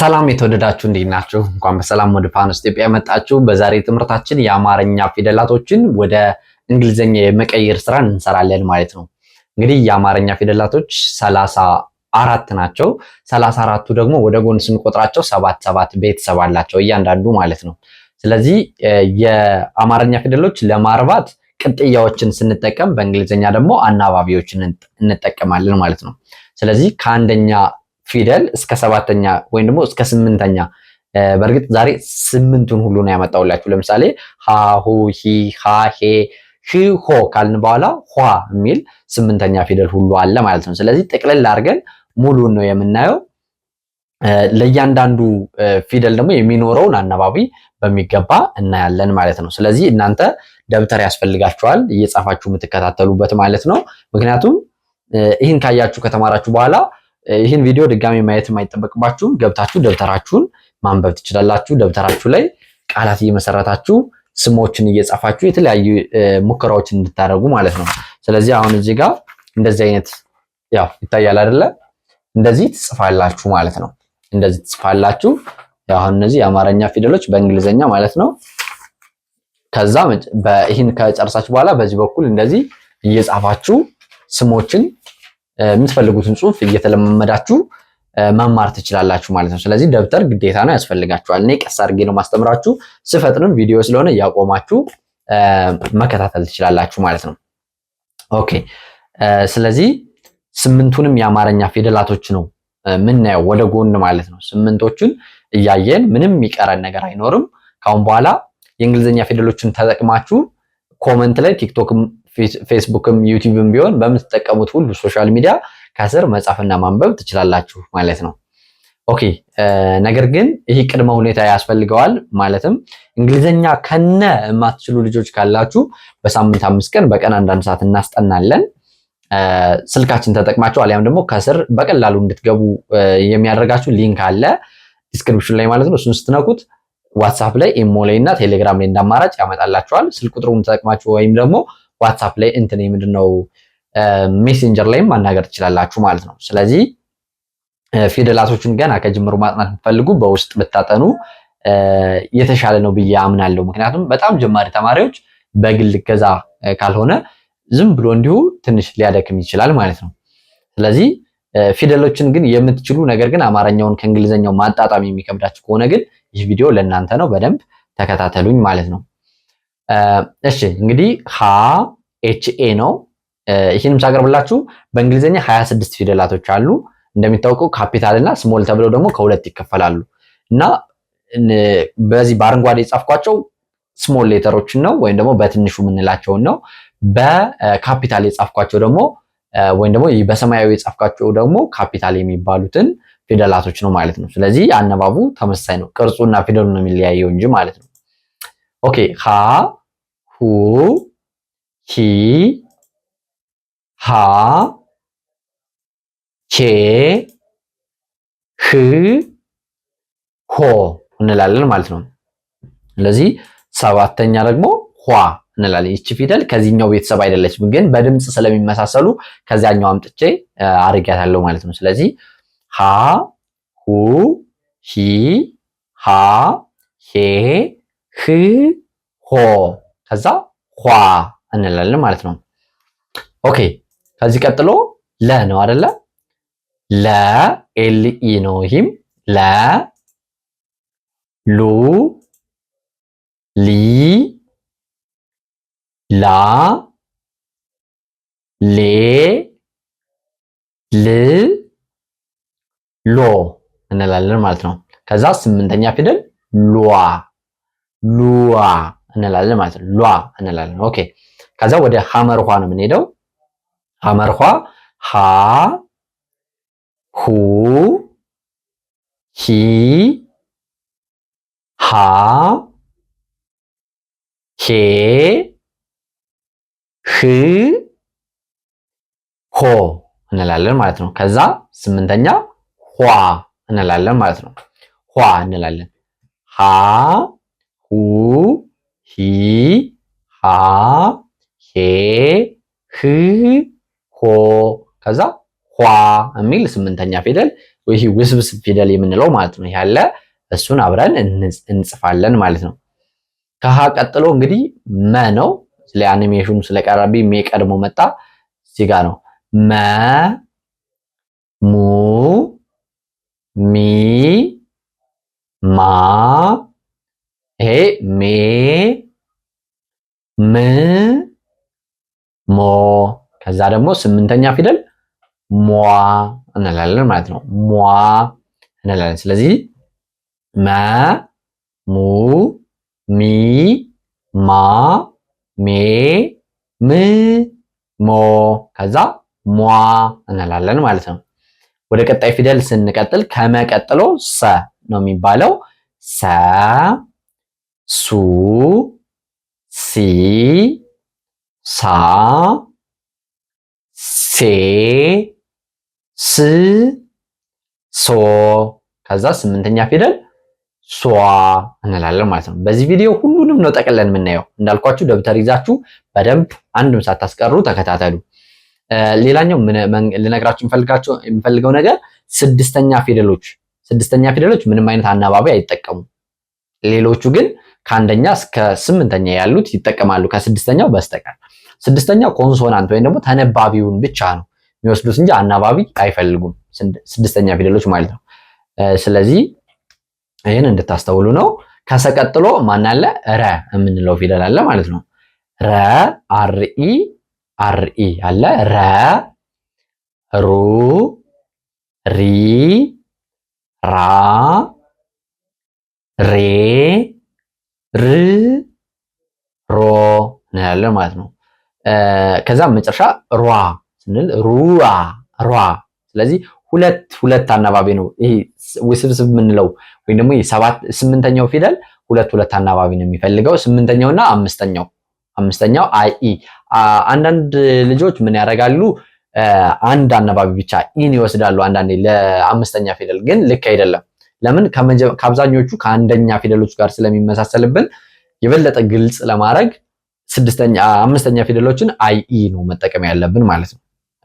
ሰላም የተወደዳችሁ እንዴት ናችሁ? እንኳን በሰላም ወደ ፓንስ ኢትዮጵያ መጣችሁ። በዛሬ ትምህርታችን የአማርኛ ፊደላቶችን ወደ እንግሊዝኛ የመቀየር ስራ እንሰራለን ማለት ነው። እንግዲህ የአማርኛ ፊደላቶች ሰላሳ አራት ናቸው። ሰላሳ አራቱ ደግሞ ወደ ጎን ስንቆጥራቸው ሰባት ሰባት ቤተሰብ አላቸው እያንዳንዱ ማለት ነው። ስለዚህ የአማርኛ ፊደሎች ለማርባት ቅጥያዎችን ስንጠቀም፣ በእንግሊዝኛ ደግሞ አናባቢዎችን እንጠቀማለን ማለት ነው። ስለዚህ ከአንደኛ ፊደል እስከ ሰባተኛ ወይም ደግሞ እስከ ስምንተኛ በእርግጥ ዛሬ ስምንቱን ሁሉ ነው ያመጣውላችሁ። ለምሳሌ ሃሁ ሂ ሀ ሄ ሂ ሆ ካልን በኋላ ኋ የሚል ስምንተኛ ፊደል ሁሉ አለ ማለት ነው። ስለዚህ ጥቅልል አድርገን ሙሉን ነው የምናየው። ለእያንዳንዱ ፊደል ደግሞ የሚኖረውን አናባቢ በሚገባ እናያለን ማለት ነው። ስለዚህ እናንተ ደብተር ያስፈልጋችኋል እየጻፋችሁ የምትከታተሉበት ማለት ነው። ምክንያቱም ይህን ካያችሁ ከተማራችሁ በኋላ ይህን ቪዲዮ ድጋሚ ማየት የማይጠበቅባችሁ ገብታችሁ ደብተራችሁን ማንበብ ትችላላችሁ። ደብተራችሁ ላይ ቃላት እየመሰረታችሁ ስሞችን እየጻፋችሁ የተለያዩ ሙከራዎችን እንድታደርጉ ማለት ነው። ስለዚህ አሁን እዚህ ጋር እንደዚህ አይነት ያው ይታያል አይደለ? እንደዚህ ትጽፋላችሁ ማለት ነው። እንደዚህ ትጽፋላችሁ። አሁን እነዚህ የአማርኛ ፊደሎች በእንግሊዝኛ ማለት ነው። ከዛ ይህን ከጨርሳችሁ በኋላ በዚህ በኩል እንደዚህ እየጻፋችሁ ስሞችን የምትፈልጉትን ጽሁፍ እየተለማመዳችሁ መማር ትችላላችሁ ማለት ነው። ስለዚህ ደብተር ግዴታ ነው ያስፈልጋችኋል። እኔ ቀስ አድርጌ ነው ማስተምራችሁ። ስፈጥንም ቪዲዮ ስለሆነ እያቆማችሁ መከታተል ትችላላችሁ ማለት ነው። ኦኬ ስለዚህ ስምንቱንም የአማርኛ ፊደላቶች ነው ምናየው ወደ ጎን ማለት ነው። ስምንቶቹን እያየን ምንም የሚቀረን ነገር አይኖርም። ካሁን በኋላ የእንግሊዝኛ ፊደሎችን ተጠቅማችሁ ኮመንት ላይ ቲክቶክ ፌስቡክም ዩቲዩብም ቢሆን በምትጠቀሙት ሁሉ ሶሻል ሚዲያ ከስር መጻፍና ማንበብ ትችላላችሁ ማለት ነው። ኦኬ ነገር ግን ይህ ቅድመ ሁኔታ ያስፈልገዋል። ማለትም እንግሊዝኛ ከነ የማትችሉ ልጆች ካላችሁ በሳምንት አምስት ቀን በቀን አንዳንድ ሰዓት እናስጠናለን። ስልካችን ተጠቅማችሁ አሊያም ደግሞ ከስር በቀላሉ እንድትገቡ የሚያደርጋችሁ ሊንክ አለ ዲስክሪፕሽን ላይ ማለት ነው። እሱን ስትነኩት ዋትሳፕ ላይ ኢሞ ላይ እና ቴሌግራም ላይ እንዳማራጭ ያመጣላችኋል። ስልክ ቁጥሩን ተጠቅማችሁ ወይም ደግሞ ዋትሳፕ ላይ እንትን ምንድነው ሜሴንጀር ላይም ማናገር ትችላላችሁ ማለት ነው። ስለዚህ ፊደላቶቹን ገና ከጅምሩ ማጥናት የምትፈልጉ በውስጥ ብታጠኑ የተሻለ ነው ብዬ አምናለሁ። ምክንያቱም በጣም ጀማሪ ተማሪዎች በግል ገዛ ካልሆነ ዝም ብሎ እንዲሁ ትንሽ ሊያደክም ይችላል ማለት ነው። ስለዚህ ፊደሎችን ግን የምትችሉ ነገር ግን አማርኛውን ከእንግሊዝኛው ማጣጣም የሚከብዳችሁ ከሆነ ግን ይህ ቪዲዮ ለእናንተ ነው። በደንብ ተከታተሉኝ ማለት ነው። እሺ እንግዲህ ሀ ኤች ኤ ነው። ይህንም ሳቀርብላችሁ በእንግሊዝኛ 26 ፊደላቶች አሉ። እንደሚታወቀው ካፒታል እና ስሞል ተብለው ደግሞ ከሁለት ይከፈላሉ እና በዚህ በአረንጓዴ የጻፍኳቸው ስሞል ሌተሮችን ነው ወይም ደግሞ በትንሹ የምንላቸውን ነው። በካፒታል የጻፍኳቸው ደግሞ ወይም ደግሞ በሰማያዊ የጻፍኳቸው ደግሞ ካፒታል የሚባሉትን ፊደላቶች ነው ማለት ነው። ስለዚህ አነባቡ ተመሳሳይ ነው። ቅርጹና ፊደሉ ነው የሚለያየው እንጂ ማለት ነው። ኦኬ ሀ ሁ ሂ ሃ ሄ ህ ሆ እንላለን ማለት ነው። ስለዚህ ሰባተኛ ደግሞ ኋ እንላለን። ይቺ ፊደል ከዚህኛው ቤተሰብ አይደለችም፣ ግን በድምፅ ስለሚመሳሰሉ ከዚያኛው አምጥቼ አርጊያታለሁ ማለት ነው። ስለዚህ ሃ ሁ ሂ ሃ ሄ ህ ሆ ከዛ ኳ እንላለን ማለት ነው። ኦኬ ከዚህ ቀጥሎ ለ ነው አይደለ? ለ ኤልኢ ነው ይህም ለ ሉ ሊ ላ ሌ ል ሎ እንላለን ማለት ነው። ከዛ ስምንተኛ ፊደል ሉዋ ሉዋ እንላለን ማለት ነው። ሏ እንላለን። ኦኬ ከዛ ወደ ሐመርኋ ነው የምንሄደው። ሐመርኋ ሀ ሁ ሂ ሃ ሄ ህ ሆ እንላለን ማለት ነው። ከዛ ስምንተኛ ኋ እንላለን ማለት ነው። ኋ እንላለን ሃ ሂ ሃ ሄ ህ ሆ ከዛ ኋ የሚል ስምንተኛ ፊደል ይህ ውስብስብ ፊደል የምንለው ማለት ነው ያለ እሱን አብረን እንጽፋለን ማለት ነው። ከሀ ቀጥሎ እንግዲህ መ ነው። ስለ አኒሜሽኑ ስለቀረብኝ ሜ ቀድሞ መጣ። እዚህ ጋ ነው መ ሙ ሚ ማ ይሄ ሜ ም ሞ ከዛ ደግሞ ስምንተኛ ፊደል ሟ እንላለን ማለት ነው። ሟ እንላለን። ስለዚህ መ ሙ ሚ ማ ሜ ም ሞ ከዛ ሟ እንላለን ማለት ነው። ወደ ቀጣይ ፊደል ስንቀጥል ከመቀጥሎ ሰ ነው የሚባለው። ሰ ሱ ሲ ሳ ሴ ስ ሶ ከዛ ስምንተኛ ፊደል ሷ እንላለን ማለት ነው። በዚህ ቪዲዮ ሁሉንም ነው ጠቅለን የምናየው። እንዳልኳችሁ ደብተር ይዛችሁ በደንብ አንድም ሳታስቀሩ ተከታተሉ። ሌላኛው ልነግራችሁ የምፈልገው ነገር ስድስተኛ ፊደሎች ስድስተኛ ፊደሎች ምንም አይነት አናባቢ አይጠቀሙም። ሌሎቹ ግን ከአንደኛ እስከ ስምንተኛ ያሉት ይጠቀማሉ ከስድስተኛው በስተቀር። ስድስተኛው ኮንሶናንት ወይም ደግሞ ተነባቢውን ብቻ ነው የሚወስዱት እንጂ አናባቢ አይፈልጉም፣ ስድስተኛ ፊደሎች ማለት ነው። ስለዚህ ይህን እንድታስተውሉ ነው። ከሰቀጥሎ ማናለ ረ የምንለው ፊደል አለ ማለት ነው። ረ አርኢ አርኢ አለ ረ ሩ ሪ ራ ሬ ር ሮ እንላለን ማለት ነው። ከዛ መጨረሻ ሯ ስንል ሩዋ ሯ። ስለዚህ ሁለት ሁለት አናባቢ ነው ይሄ ውስብስብ የምንለው ወይም ደግሞ ስምንተኛው ፊደል ሁለት ሁለት አናባቢ ነው የሚፈልገው ስምንተኛውና አምስተኛው አምስተኛው አይ ኢ። አንዳንድ ልጆች ምን ያደርጋሉ? አንድ አናባቢ ብቻ ኢን ይወስዳሉ አንዳንዴ ለአምስተኛ ፊደል ግን ልክ አይደለም። ለምን ከአብዛኞቹ ከአንደኛ ፊደሎች ጋር ስለሚመሳሰልብን የበለጠ ግልጽ ለማድረግ ስድስተኛ አምስተኛ ፊደሎችን አይ ኢ ነው መጠቀም ያለብን ማለት ነው።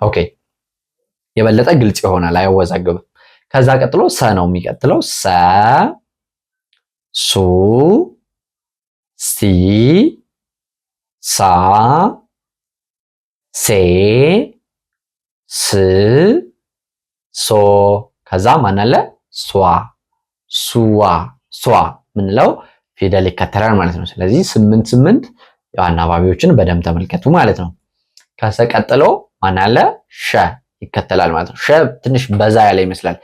ኦኬ የበለጠ ግልጽ ይሆናል፣ አያወዛግብም። ከዛ ቀጥሎ ሰ ነው የሚቀጥለው ሰ ሱ ሲ ሳ ሴ ስ ሶ ከዛ ማን አለ ሷ ሱዋ ሷ ምንለው ፊደል ይከተላል ማለት ነው። ስለዚህ ስምንት ስምንት አናባቢዎችን በደንብ ተመልከቱ ማለት ነው። ከሰ ቀጥሎ ማን አለ? ሸ ይከተላል ማለት ነው። ሸ ትንሽ በዛ ያለ ይመስላል።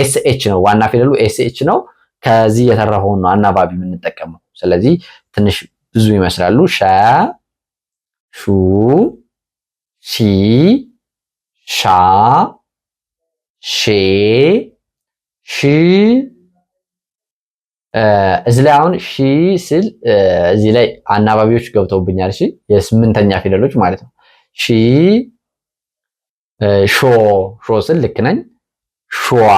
ኤስኤች ነው ዋና ፊደሉ ኤስኤች ነው። ከዚህ የተረፈውን ነው አናባቢ የምንጠቀመው። ስለዚህ ትንሽ ብዙ ይመስላሉ። ሸ፣ ሹ፣ ሺ፣ ሻ፣ ሼ፣ ሺ እዚህ ላይ አሁን ሺ ስል እዚህ ላይ አናባቢዎች ገብተውብኛል። ሺ የስምንተኛ ፊደሎች ማለት ነው። ሺ ሾ ሾ ስል ልክ ነኝ። ሾዋ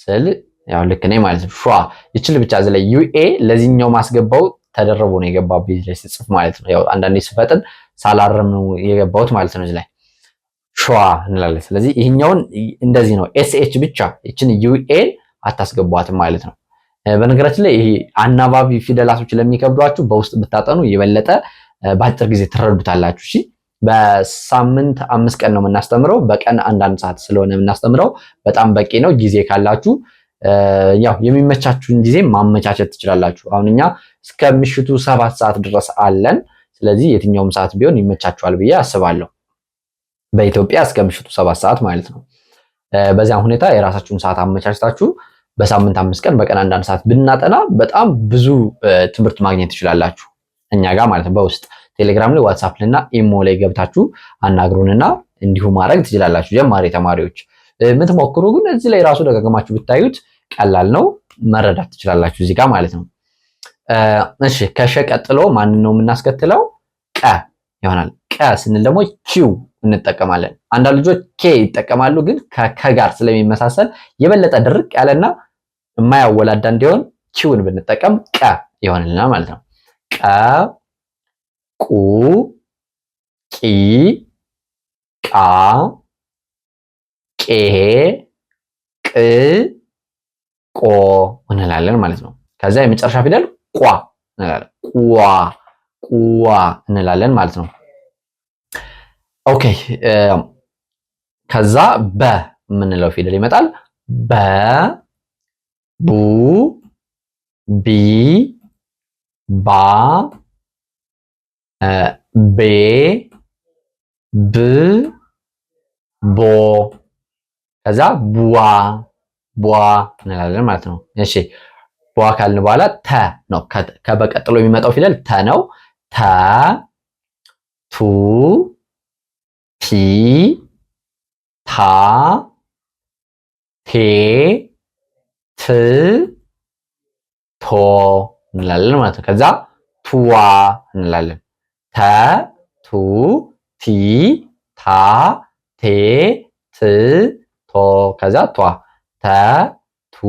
ስል ያው ልክ ነኝ ማለት ነው። ሾዋ ይችል ብቻ እዚህ ላይ ዩኤ ለዚህኛው ማስገባው ተደረቡ ነው የገባው እዚህ ላይ ስጽፍ ማለት ነው። ያው አንዳንዴ ስፈጥን ሳላረም ነው የገባሁት ማለት ነው። እዚህ ላይ ሾዋ እንላለን። ስለዚህ ይህኛውን እንደዚህ ነው። ኤስኤች ብቻ ይችን ዩኤን አታስገቧትም ማለት ነው። በነገራችን ላይ ይሄ አናባቢ ፊደላቶች ለሚከብዷችሁ በውስጥ ብታጠኑ የበለጠ በአጭር ጊዜ ትረዱታላችሁ። እሺ በሳምንት አምስት ቀን ነው የምናስተምረው። በቀን አንዳንድ ሰዓት ስለሆነ የምናስተምረው በጣም በቂ ነው። ጊዜ ካላችሁ ያው የሚመቻችሁን ጊዜ ማመቻቸት ትችላላችሁ። አሁን እኛ እስከ ምሽቱ ሰባት ሰዓት ድረስ አለን። ስለዚህ የትኛውም ሰዓት ቢሆን ይመቻችኋል ብዬ አስባለሁ። በኢትዮጵያ እስከ ምሽቱ ሰባት ሰዓት ማለት ነው። በዚያም ሁኔታ የራሳችሁን ሰዓት አመቻችታችሁ በሳምንት አምስት ቀን በቀን አንዳንድ ሰዓት ብናጠና በጣም ብዙ ትምህርት ማግኘት ትችላላችሁ። እኛ ጋር ማለት ነው። በውስጥ ቴሌግራም ላይ፣ ዋትሳፕ ልና ኢሞ ላይ ገብታችሁ አናግሩንና እንዲሁ ማድረግ ትችላላችሁ። ጀማሪ ተማሪዎች የምትሞክሩ ግን እዚህ ላይ ራሱ ደጋግማችሁ ብታዩት ቀላል ነው፣ መረዳት ትችላላችሁ እዚህ ጋር ማለት ነው። እሺ ከሸ ቀጥሎ ማንን ነው የምናስከትለው? ቀ ይሆናል። ቀ ስንል ደግሞ ኪው እንጠቀማለን። አንዳንድ ልጆች ኬ ይጠቀማሉ፣ ግን ከጋር ስለሚመሳሰል የበለጠ ድርቅ ያለና የማያወላዳ እንዲሆን ኪውን ብንጠቀም ቀ ይሆንልናል ማለት ነው። ቀ ቁ ቂ ቃ ቄ ቅ ቆ እንላለን ማለት ነው። ከዚያ የመጨረሻ ፊደል ቋ እንላለን። ቋ ቁዋ እንላለን ማለት ነው። ኦኬ ከዛ በ የምንለው ፊደል ይመጣል። በ ቡ ቢ ባ ቤ ብ ቦ ከዛ ቡዋ ቡዋ እንላለን ማለት ነው። እሺ ቡዋ ካልን በኋላ ተ ነው። ከበቀጥሎ የሚመጣው ፊደል ተ ነው። ተ ቱ 비, 다, 대, 트, 더 እንላለን ማለት ነው። ከዛ ቱዋ እንላለን። ተ፣ ቱ፣ ቲ፣ ታ፣ ቴ፣ ት፣ ቶ ከዛ ቷ ተ፣ ቱ፣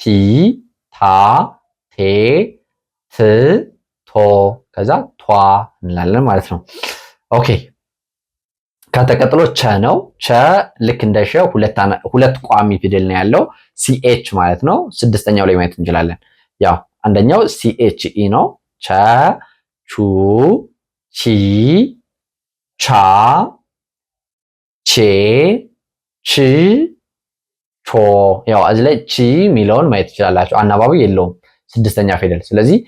ቲ፣ ታ፣ ቴ፣ ት፣ ቶ ከዛ ቷ እንላለን ማለት ነው። ኦኬ ከተቀጥሎ ቸ ነው። ቸ ልክ እንደ ሸ ሁለት ቋሚ ፊደል ነው ያለው ሲኤች ማለት ነው። ስድስተኛው ላይ ማየት እንችላለን። ያው አንደኛው ሲኤች ኢ ነው። ቸ ቹ ቺ ቻ ቼ ቺ ቾ። ያው እዚህ ላይ ቺ የሚለውን ማየት ይችላላቸው። አናባቢ የለውም ስድስተኛ ፊደል። ስለዚህ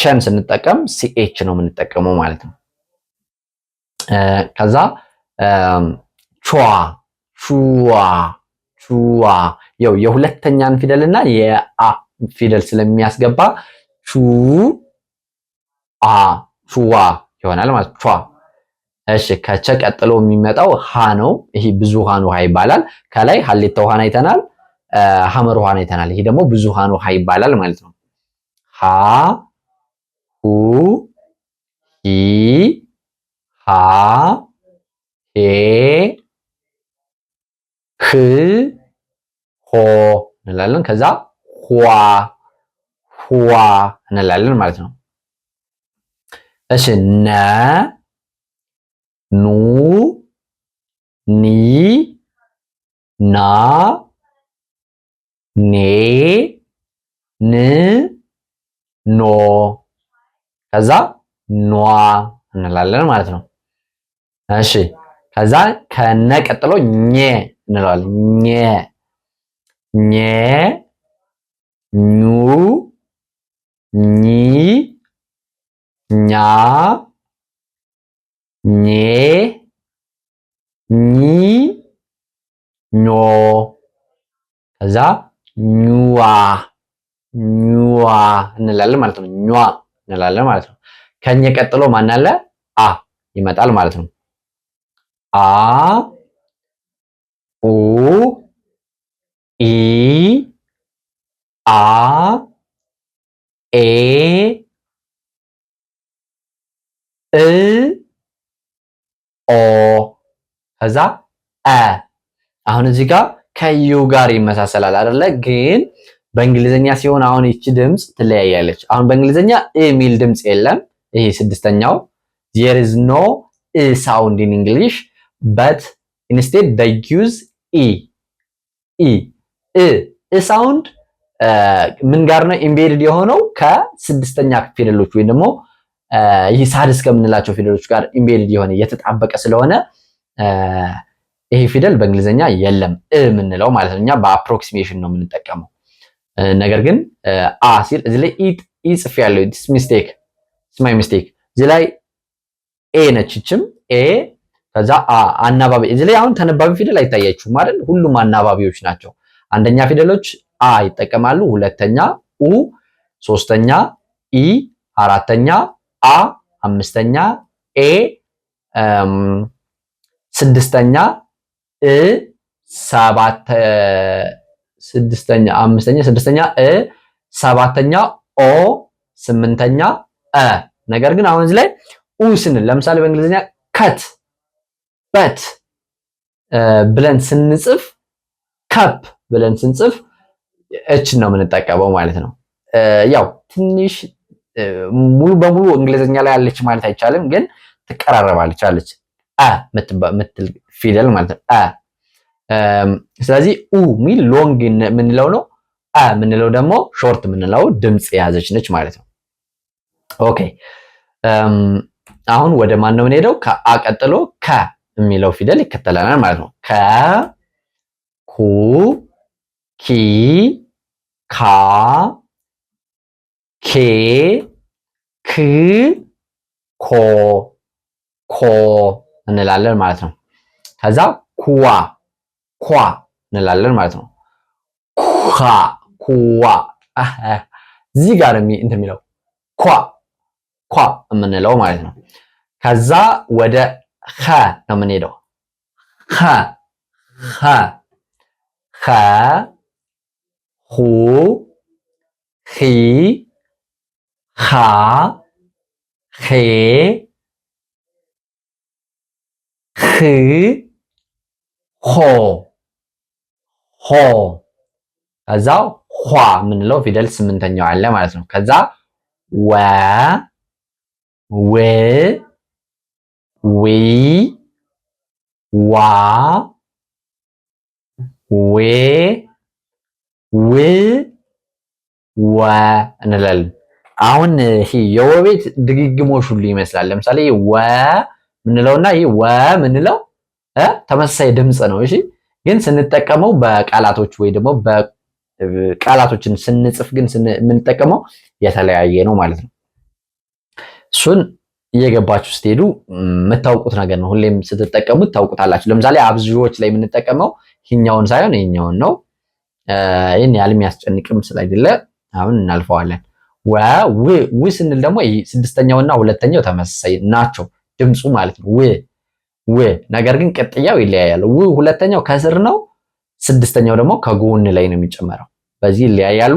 ቸን ስንጠቀም ሲኤች ነው የምንጠቀመው ማለት ነው። ከዛ ቹዋ ቹዋ ቹዋ ያው የሁለተኛን ፊደልና የአ ፊደል ስለሚያስገባ ቹ አ ቹዋ ይሆናል ማለት ቹዋ። እሺ ከቸ ቀጥሎ የሚመጣው ሃ ነው። ይሄ ብዙሃን ሃ ይባላል። ከላይ ሀሌታ ውሃን አይተናል፣ ሀመር ውሃን አይተናል። ይሄ ደግሞ ብዙሃን ሃ ይባላል ማለት ነው። ሃ ሁ ሂ ሀ ሄ ህ ሆ እንላለን። ከዛ ሁዋ ሁዋ እንላለን ማለት ነው። እሺ ነ ኑ ኒ ና ኔ ን ኖ ከዛ ኗ እንላለን ማለት ነው። እሺ ከዛ ከነ ቀጥሎ ኘ እንለዋለን። ኘ ኘ ኙ ኚ ኛ ኜ ኚ ኞ ከዛ ኙዋ ኙዋ እንላለን ማለት ነው። ኙዋ እንላለን ማለት ነው። ከኘ ቀጥሎ ማን አለ? አ ይመጣል ማለት ነው። አ ኡ ኢ አ ኤ እ ኦ ከዛ አ አሁን እዚህ ጋር ከዩ ጋር ይመሳሰላል አይደለ? ግን በእንግሊዘኛ ሲሆን አሁን ይቺ ድምፅ ትለያያለች። አሁን በእንግሊዝኛ እ የሚል ድምፅ የለም። ይሄ ስድስተኛው ዜር ኢዝ ኖ እ ሳውንድ ኢን እንግሊሽ በት ኢንስቴድ ዳይ ዩዝ ኢ ኢ እ እ ሳውንድ ምን ጋር ነው ኢምቤድድ የሆነው? ከስድስተኛ ፊደሎች ወይም ደግሞ uh, ይህ ሳድስ ከምንላቸው ፊደሎች ጋር ኢምቤድድ የሆነ የተጣበቀ ስለሆነ uh, ይሄ ፊደል በእንግሊዝኛ የለም እ የምንለው ማለት ነው። እኛ በአፕሮክሲሜሽን ነው የምንጠቀመው። uh, ነገር ግን አ ሲል እዚህ ላይ ኢ ጽፌ ያለው ሚስቴክ ስማይ ሚስቴክ እዚህ ላይ ኤ ነችችም ኤ ከዛ አናባቢ እዚህ ላይ አሁን ተነባቢ ፊደል አይታያችሁም አይደል? ሁሉም አናባቢዎች ናቸው። አንደኛ ፊደሎች አ ይጠቀማሉ። ሁለተኛ ኡ፣ ሶስተኛ ኢ፣ አራተኛ አ፣ አምስተኛ ኤ፣ ስድስተኛ እ፣ ሰባተ ስድስተኛ አምስተኛ ስድስተኛ እ፣ ሰባተኛ ኦ፣ ስምንተኛ እ። ነገር ግን አሁን እዚህ ላይ ኡ ስንል ለምሳሌ በእንግሊዝኛ ከት በት ብለን ስንጽፍ ካፕ ብለን ስንጽፍ እችን ነው የምንጠቀመው ማለት ነው። ያው ትንሽ ሙሉ በሙሉ እንግሊዝኛ ላይ አለች ማለት አይቻልም፣ ግን ትቀራረባለች አለች አ ምትል ፊደል ማለት ነው። ስለዚህ ኡ ሚል ሎንግ የምንለው ነው። አ የምንለው ደግሞ ሾርት የምንለው ድምፅ የያዘች ነች ማለት ነው። ኦኬ አሁን ወደ ማን ነው የምንሄደው? ከአ ቀጥሎ ከ የሚለው ፊደል ይከተለናል ማለት ነው። ከ ኩ ኪ ካ ኬ ክ ኮ ኮ እንላለን ማለት ነው። ከዛ ኩዋ ኳ እንላለን ማለት ነው። ኩዋ ኩዋ እዚህ ጋር እንትን የሚለው ኳ ኳ የምንለው ማለት ነው። ከዛ ወደ ሀ ነው የምንሄደው። ሀ ሀ ሀ ሁ ሂ ሃ ሄ ህ ሆ ሆ ከዛ ኋ የምንለው ፊደል ስምንተኛው አለ ማለት ነው። ከዛ ወ ው ዊ ዋ ዌ ው ወ እንላለን። አሁን ይሄ የወ ቤት ድግግሞሽ ሁሉ ይመስላል። ለምሳሌ ወ ምንለውና ይህ ወ ምንለው ተመሳሳይ ድምፅ ነው። እሺ ግን ስንጠቀመው በቃላቶች ወይ ደግሞ በቃላቶችን ስንጽፍ ግን የምንጠቀመው የተለያየ ነው ማለት ነው። እሱን እየገባችሁ ስትሄዱ የምታውቁት ነገር ነው። ሁሌም ስትጠቀሙት ታውቁታላችሁ። ለምሳሌ አብዙዎች ላይ የምንጠቀመው ይህኛውን ሳይሆን ይህኛውን ነው። ይህን ያህል የሚያስጨንቅም ስለሌለ አሁን እናልፈዋለን። ው ስንል ደግሞ ስድስተኛውና ሁለተኛው ተመሳሳይ ናቸው፣ ድምፁ ማለት ነው። ው ነገር ግን ቅጥያው ይለያያል። ው ሁለተኛው ከስር ነው፣ ስድስተኛው ደግሞ ከጎን ላይ ነው የሚጨመረው። በዚህ ይለያያሉ።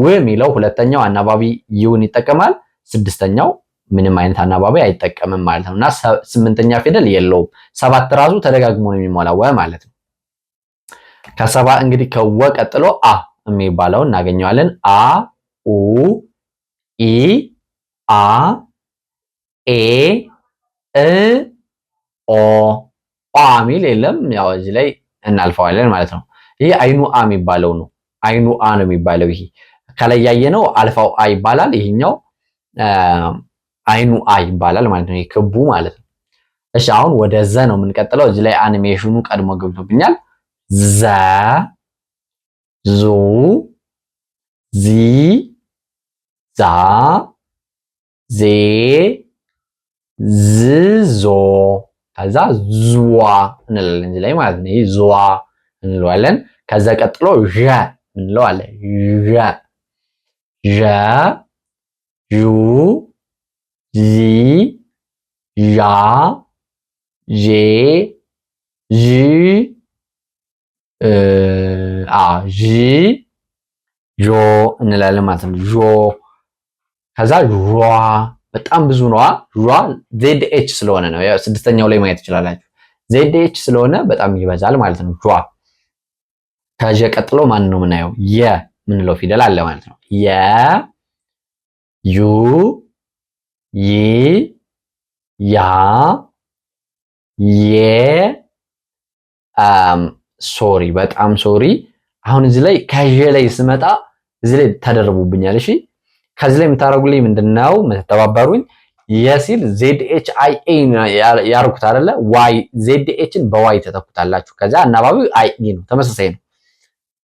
ው የሚለው ሁለተኛው አናባቢ ይሁን ይጠቀማል። ስድስተኛው ምንም አይነት አናባቢ አይጠቀምም ማለት ነው እና ስምንተኛ ፊደል የለውም። ሰባት ራሱ ተደጋግሞ ነው የሚሞላው ወ ማለት ነው። ከሰባ እንግዲህ ከወ ቀጥሎ አ የሚባለው እናገኘዋለን። አ ኡ ኢ አ ኤ እ ኦ ኦ ሚል የለም። ያው እዚህ ላይ እናልፈዋለን ማለት ነው። ይህ አይኑ አ የሚባለው ነው። አይኑ አ ነው የሚባለው። ይሄ ከላይ ያየነው ነው አልፋው አ ይባላል። ይሄኛው አይኑ አ ይባላል ማለት ነው። የክቡ ማለት ነው። እሺ አሁን ወደ ዘ ነው የምንቀጥለው። እዚህ ላይ አኒሜሽኑ ቀድሞ ገብቶብኛል። ዘ ዙ ዚ ዛ ዜ ዝ ዞ ከዛ ዙዋ እንላለን እዚህ ላይ ማለት ነው። ዙዋ እንለዋለን። ከዛ ቀጥሎ ዠ እንለዋለን። ዠ ዠ ዩ ዢ ዣ ዤ ዥ ዥ ዦ እንላለን ማለት ነው። ዦ ከዛ ዟ በጣም ብዙ ነዋ። ዟ ዜድ ኤች ስለሆነ ነው። ስድስተኛው ላይ ማየት ትችላላችሁ። ዜድ ኤች ስለሆነ በጣም ይበዛል ማለት ነው። ዟ ከዠ ቀጥሎ ማን ነው የምናየው? የ ምንለው ፊደል አለ ማለት ነው። የ ዩ ይ ያ የ ሶሪ በጣም ሶሪ። አሁን እዚህ ላይ ከዤ ላይ ስመጣ እዚህ ላይ ተደርቡብኛል እሺ ከዚህ ላይ የምታደርጉልኝ ምንድነው? የምትተባበሩኝ የሲል ዜድ ኤች አይ ኤ ያርኩት አይደለ? ዋይ ዜድ ኤችን በዋይ ተተኩታላችሁ። ከዛ አናባቢው አይ ኤ ነው፣ ተመሳሳይ ነው።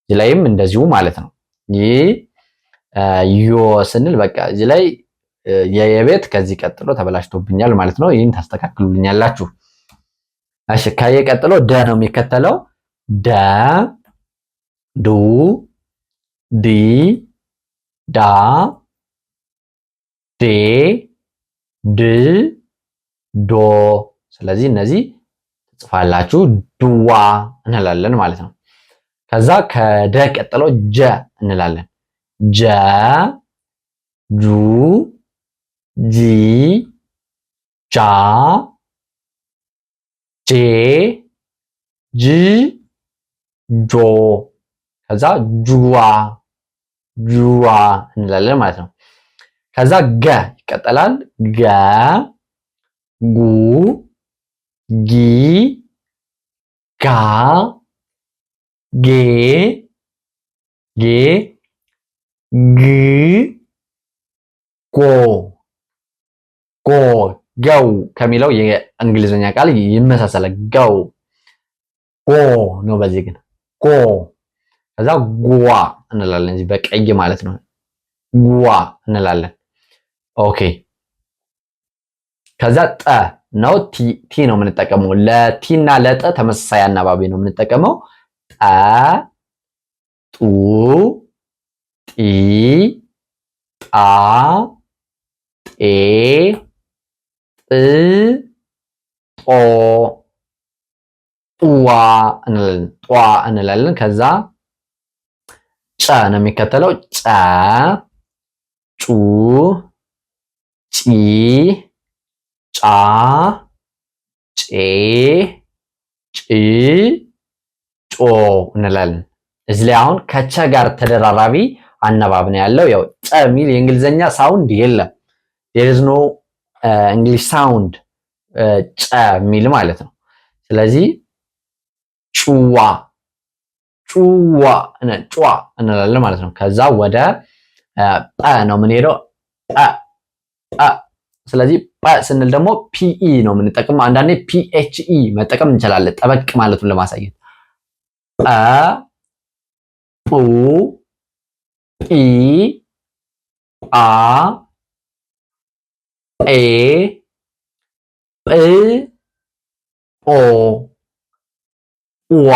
እዚህ ላይም እንደዚሁ ማለት ነው። ይ ዮ ስንል በቃ እዚህ ላይ የቤት ከዚህ ቀጥሎ ተበላሽቶብኛል ማለት ነው። ይህን ታስተካክሉልኛላችሁ። እሺ፣ ከየ ቀጥሎ ደ ነው የሚከተለው። ደ፣ ዱ፣ ዲ፣ ዳ፣ ዴ፣ ድ፣ ዶ። ስለዚህ እነዚህ ትጽፋላችሁ ድዋ እንላለን ማለት ነው። ከዛ ከደ ቀጥሎ ጀ እንላለን። ጀ፣ ጁ ጂ ጃ ጄ ጅ ጆ ከዛ ጁዋ ጁዋ እንላለን ማለት ነው። ከዛ ገ ይቀጠላል። ገ ጉ ጊ ጋ ጌ ጌ ግ ጎ ጋው ከሚለው የእንግሊዝኛ ቃል ይመሳሰላል። ጋው ጎ ነው። በዚህ ግን ጎ ከዛ ጉዋ እንላለን። እዚህ በቀይ ማለት ነው ጉዋ እንላለን። ኦኬ ከዛ ጠ ነው ቲ ነው የምንጠቀመው። ለቲ እና ለጠ ተመሳሳይ አናባቢ ነው የምንጠቀመው። ጠ ጡ ጢ ጣ ጤ ጦ ጡዋ እንላለን ጧ እንላለን። ከዛ ጨ ነው የሚከተለው ጨ ጩ ጪ ጫ ጬ ጭ ጮ እንላለን። እዚህ ላይ አሁን ከቸ ጋር ተደራራቢ አነባብ ነው ያለው። ያው ጨ የሚል የእንግሊዝኛ ሳውንድ የለም። ዴርዝ ኖ እንግሊሽ ሳውንድ ጨ የሚል ማለት ነው። ስለዚህ ጩዋ ጩዋ ጩዋ እንላለን ማለት ነው። ከዛ ወደ ጳ ነው የምንሄደው። ስለዚህ ጳ ስንል ደግሞ ፒኢ ነው የምንጠቅመው። አንዳንዴ ፒኤችኢ መጠቀም እንችላለን፣ ጠበቅ ማለቱን ለማሳየት ጳ ጲ ጳ ጴ ጵ ጶ ዋ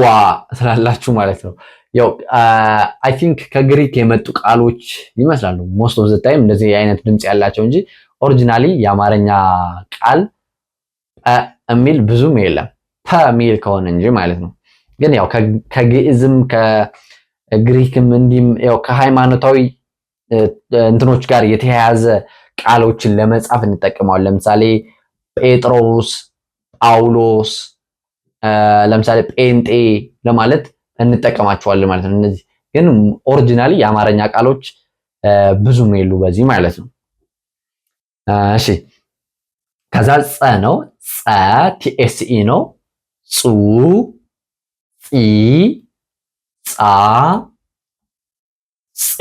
ዋ ስላላችሁ ማለት ነው። ያው አይ ቲንክ ከግሪክ የመጡ ቃሎች ይመስላሉ። ሞስት ኦፍ ዘ ታይም እንደዚህ አይነት ድምፅ ያላቸው እንጂ ኦሪጂናሊ የአማርኛ ቃል የሚል ብዙም የለም። ሚል ከሆነ እንጂ ማለት ነው። ግን ያው ከግዕዝም ከግሪክም እንዲህ ያው ከሃይማኖታዊ እንትኖች ጋር የተያያዘ ቃሎችን ለመጻፍ እንጠቀመዋል። ለምሳሌ ጴጥሮስ፣ ጳውሎስ፣ ለምሳሌ ጴንጤ ለማለት እንጠቀማቸዋለን ማለት ነው። እነዚህ ግን ኦሪጂናሊ የአማርኛ ቃሎች ብዙም የሉ በዚህ ማለት ነው። እሺ ከዛ ጸ ነው ጸ ቲኤስኢ ነው ጹ ጺ ጻ ፄ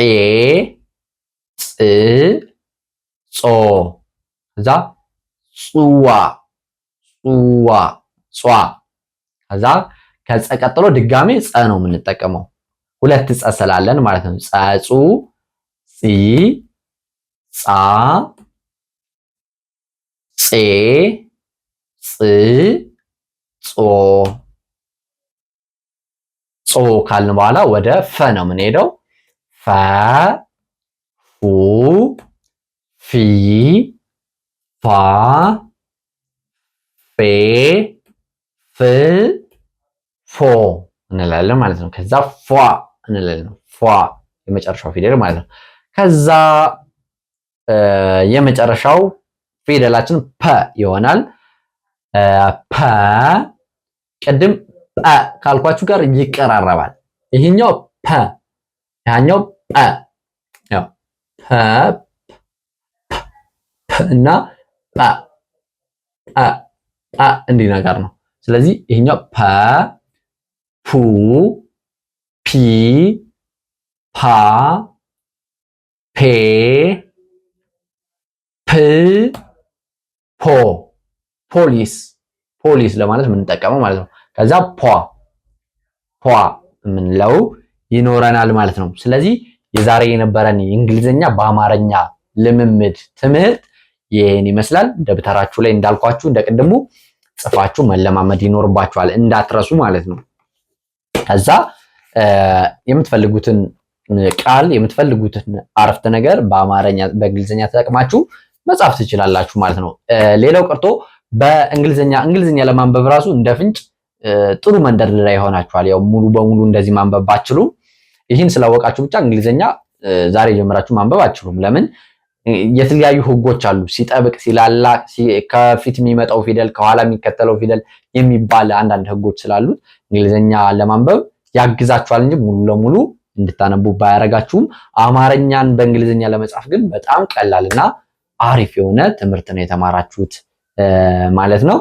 ጾ ከዛ ጽዋ ጽዋ ጿ ከዛ ከፀ ቀጥሎ ድጋሜ ፀ ነው የምንጠቀመው ሁለት ፀ ስላለን ማለት ነው። ጸጹ ጺ ጻ ጼ ጽ ጾ ጾ ካልን በኋላ ወደ ፈ ነው የምንሄደው ፈ ፉ ፊ ፋ ፌ ፍ ፎ እንላለን ማለት ነው። ከዛ ፏ እንላለን። ፏ የመጨረሻው ፊደል ማለት ነው። ከዛ የመጨረሻው ፊደላችን ፐ ይሆናል። ፐ ቅድም ጳ ካልኳችሁ ጋር ይቀራረባል። ይህኛው ፐ ያኛው ጳ ፐ እና ጳ ጳ እንዲህ ነገር ነው። ስለዚህ ይሄኛው ፐ ፑ ፒ ፓ ፔ ፕ ፖ ፖሊስ ፖሊስ ለማለት የምንጠቀመው ማለት ነው። ከዛ ፖ ፖ የምንለው ይኖረናል ማለት ነው። ስለዚህ የዛሬ የነበረን የእንግሊዝኛ በአማርኛ ልምምድ ትምህርት ይህን ይመስላል። ደብተራችሁ ላይ እንዳልኳችሁ እንደ ቅድሙ ጽፋችሁ መለማመድ ይኖርባችኋል፣ እንዳትረሱ ማለት ነው። ከዛ የምትፈልጉትን ቃል የምትፈልጉትን አረፍተ ነገር በአማርኛ በእንግሊዝኛ ተጠቅማችሁ መጻፍ ትችላላችሁ ማለት ነው። ሌላው ቀርቶ በእንግሊዝኛ እንግሊዝኛ ለማንበብ ራሱ እንደ ፍንጭ ጥሩ መንደርደሪያ ይሆናችኋል። ያው ሙሉ በሙሉ እንደዚህ ማንበብ ባችሉም ይህን ስላወቃችሁ ብቻ እንግሊዝኛ ዛሬ ጀምራችሁ ማንበብ አችሉም። ለምን? የተለያዩ ህጎች አሉ። ሲጠብቅ፣ ሲላላ፣ ከፊት የሚመጣው ፊደል፣ ከኋላ የሚከተለው ፊደል የሚባል አንዳንድ ህጎች ስላሉት እንግሊዝኛ ለማንበብ ያግዛችኋል እንጂ ሙሉ ለሙሉ እንድታነቡ ባያረጋችሁም አማርኛን በእንግሊዝኛ ለመጻፍ ግን በጣም ቀላልና አሪፍ የሆነ ትምህርት ነው የተማራችሁት ማለት ነው።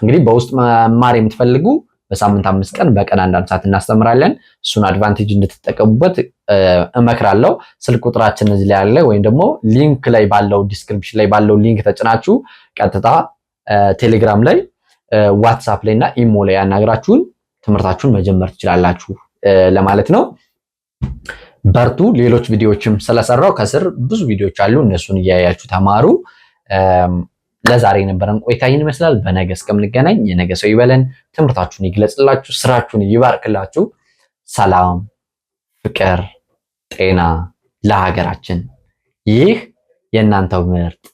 እንግዲህ በውስጥ መማር የምትፈልጉ በሳምንት አምስት ቀን በቀን አንዳንድ ሰዓት እናስተምራለን። እሱን አድቫንቴጅ እንድትጠቀሙበት እመክራለሁ። ስልክ ቁጥራችን እዚህ ላይ ያለ ወይም ደግሞ ሊንክ ላይ ባለው ዲስክሪፕሽን ላይ ባለው ሊንክ ተጭናችሁ ቀጥታ ቴሌግራም ላይ፣ ዋትሳፕ ላይ እና ኢሞ ላይ ያናግራችሁን ትምህርታችሁን መጀመር ትችላላችሁ ለማለት ነው። በርቱ። ሌሎች ቪዲዮዎችም ስለሰራው ከስር ብዙ ቪዲዮዎች አሉ። እነሱን እያያችሁ ተማሩ። ለዛሬ የነበረን ቆይታ ይህን ይመስላል። በነገ እስከምንገናኝ የነገ ሰው ይበለን፣ ትምህርታችሁን ይግለጽላችሁ፣ ስራችሁን ይባርክላችሁ። ሰላም፣ ፍቅር፣ ጤና ለሀገራችን። ይህ የእናንተው ምርጥ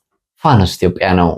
ፋኖስ ኢትዮጵያ ነው።